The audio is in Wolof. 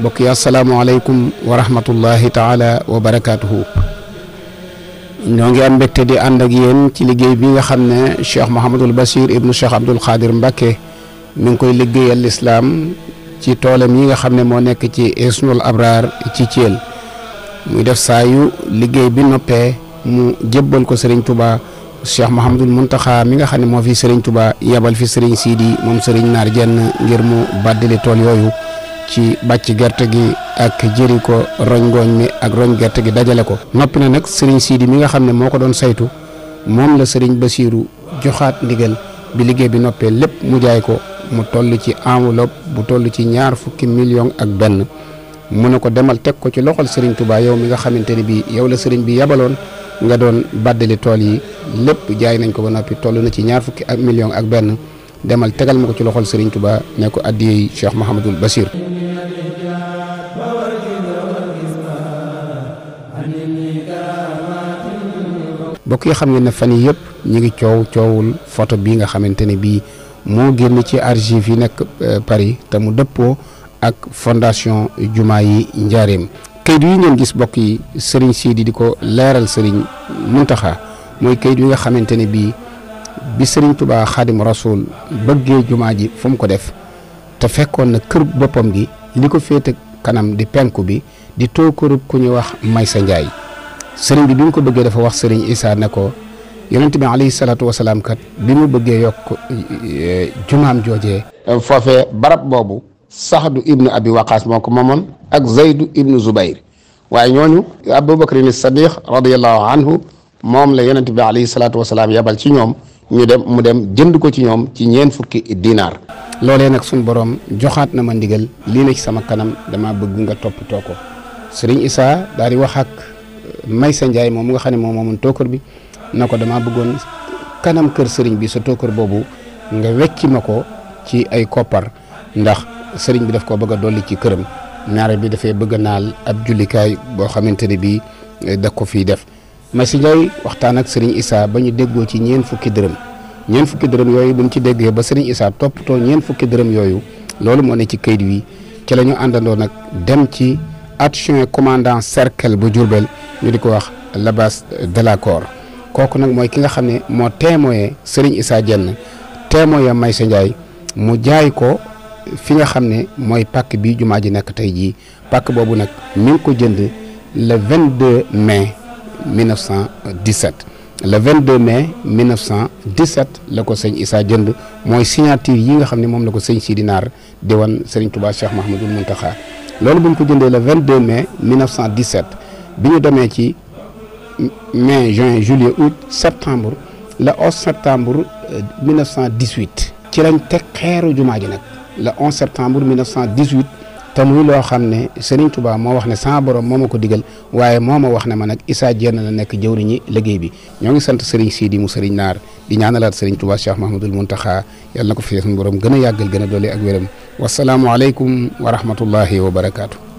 mbokk yi asalaamaaleykum wa rahmatullahi taala wa barakaatuhu. ñoo ngi am mbégte di ànd ak yéen ci liggéey bi nga xam ne Cheikh Mouhamadul Bachir ibnu Cheikh Abdoul Khadir Mbacke mi ngi koy liggéeyal lislaam ci toolam nga xam ne moo nekk ci Hisnul Abraar ci Thiel muy def saa liggéey bi mu jébbal ko Serigne Touba Cheikh Mouhamadul Mountakha mi nga xam ne moo fi Serigne Touba yebal fi Serigne Sidi moom Serigne Naar jenn ngir mu bàddali tool yooyu. ci bàcc gerte gi ak jëri ko roñ ngooñ mi ak roñ gerte gi dajale ko noppi na nag sëriñ Sidi mi nga xam ne moo ko doon saytu moom la sëriñ siiru joxaat ndigal bi liggéey bi noppee lépp mu jaay ko mu toll ci enveloppe bu toll ci ñaar fukki million ak benn mu ne ko demal teg ko ci loxol sëriñ Touba yow mi nga xamante ni bii yow la sëriñ bi yabaloon nga doon baddali tool yi lépp jaay nañ ko ba noppi toll na ci ñaar fukki ak million ak benn demal tegal ma ko ci loxol Serigne Touba ne ko addiyey Cheikh Mouhamadul Bachir. bokk yi xam ngeen ne fan yii yëpp ñu ngi coow coowul photo bi nga xamante ni bii moo génn ci archive yi nekk euh, Paris te mu dëppoo ak fondation jumaa yi njaareem kayit yi ngeen gis bokk yi Serigne Sidi di ko leeral Serigne Mountakha mooy kayit yu nga xamante ne bii. bi sëriñ tubaa xaadim rasul bëggee jumaa ji fu ko def te fekkoon na kër boppam gi li ko féete kanam di penku bi di tookërub ku ñu wax Maysa Njaay sëriñ bi bi ko bëggee dafa wax sëriñ Isaa ne ko yonent bi alayhi salaatu wasalaam bi mu bëggee yokk eh, jumaam joojee foofee barab boobu saxdu ibnu abi waqaas moo ko moomoon ak zaydu ibnu zubayr waaye ñooñu abubakrin as-sadiq radiallahu anhu moom la yonent bi alayhi salaatu yabal ci ñoom ñu dem mu dem jënd ko ci ñoom ci ñeen fukki dinaar loolee nag suñ boroom joxaat na ma ndigal lii ci sama kanam dama bëgg nga toppatoo ko sëriñ isaa daal di wax ak euh, Maysa moom mu nga xam ne moom moomoon tookër bi na ko dama bëggoon kanam kër sëriñ bi sa tookër boobu nga wecci ma ko ci ay koppar ndax sëriñ bi def ko bëgg a dolli ci këram naar bi dafay bëgg naal ab jullikaay boo xamante ne bii euh, da ko fii def Massi Ndiaye waxtaan ak Serigne Issa ba ñu déggoo ci ñeen fukki dërëm ñeen fukki dërëm yooyu bu ñu ci déggee ba Serigne Issa toppatoo ñeen fukki dërëm yooyu loolu moo ne ci kayit wi ci la ñu àndandoo nag dem ci action commandant cercle bu Diourbel ñu di ko wax Labas Delacour kooku nag mooy ki nga xam ne moo témoyé Serigne Issa Diène témoyé Maysa Ndiaye mu jaay ko fi nga xam ne mooy pàkk bi jumaa ji nekk tey jii pakk boobu nag mi ko jënd le 22 mai 1917 le 22 mai 1917 la ko sëñ Issa jënd mooy signature yi nga xam ne moom la ko sëñ Sidi Naar di wan sëriñ Touba Cheikh Mahamadul Muntaxa loolu bu ñu ko jëndee le 22 mai 1917 bi ñu demee ci mais juin juillet août septembre le 11 septembre 1918 euh, ci lañ teg xeeru jumaa ji nag le 11 septembre 1918. te muy loo xam ne Serigne Touba moo wax ne sama borom moo ma ko digal waaye moo ma wax ne ma nag Issa Diène la nekk jëwriñi liggéey bi ñoo ngi sant Serigne Sidi mu Serigne Naar di ñaanalaat Serigne Touba Cheikh Mahmadul Muntaxa yàlla na ko fi borom gën a yàggal gën a doole ak wéram wasalaamualeykum wa rahmatullahi wa barakaatu.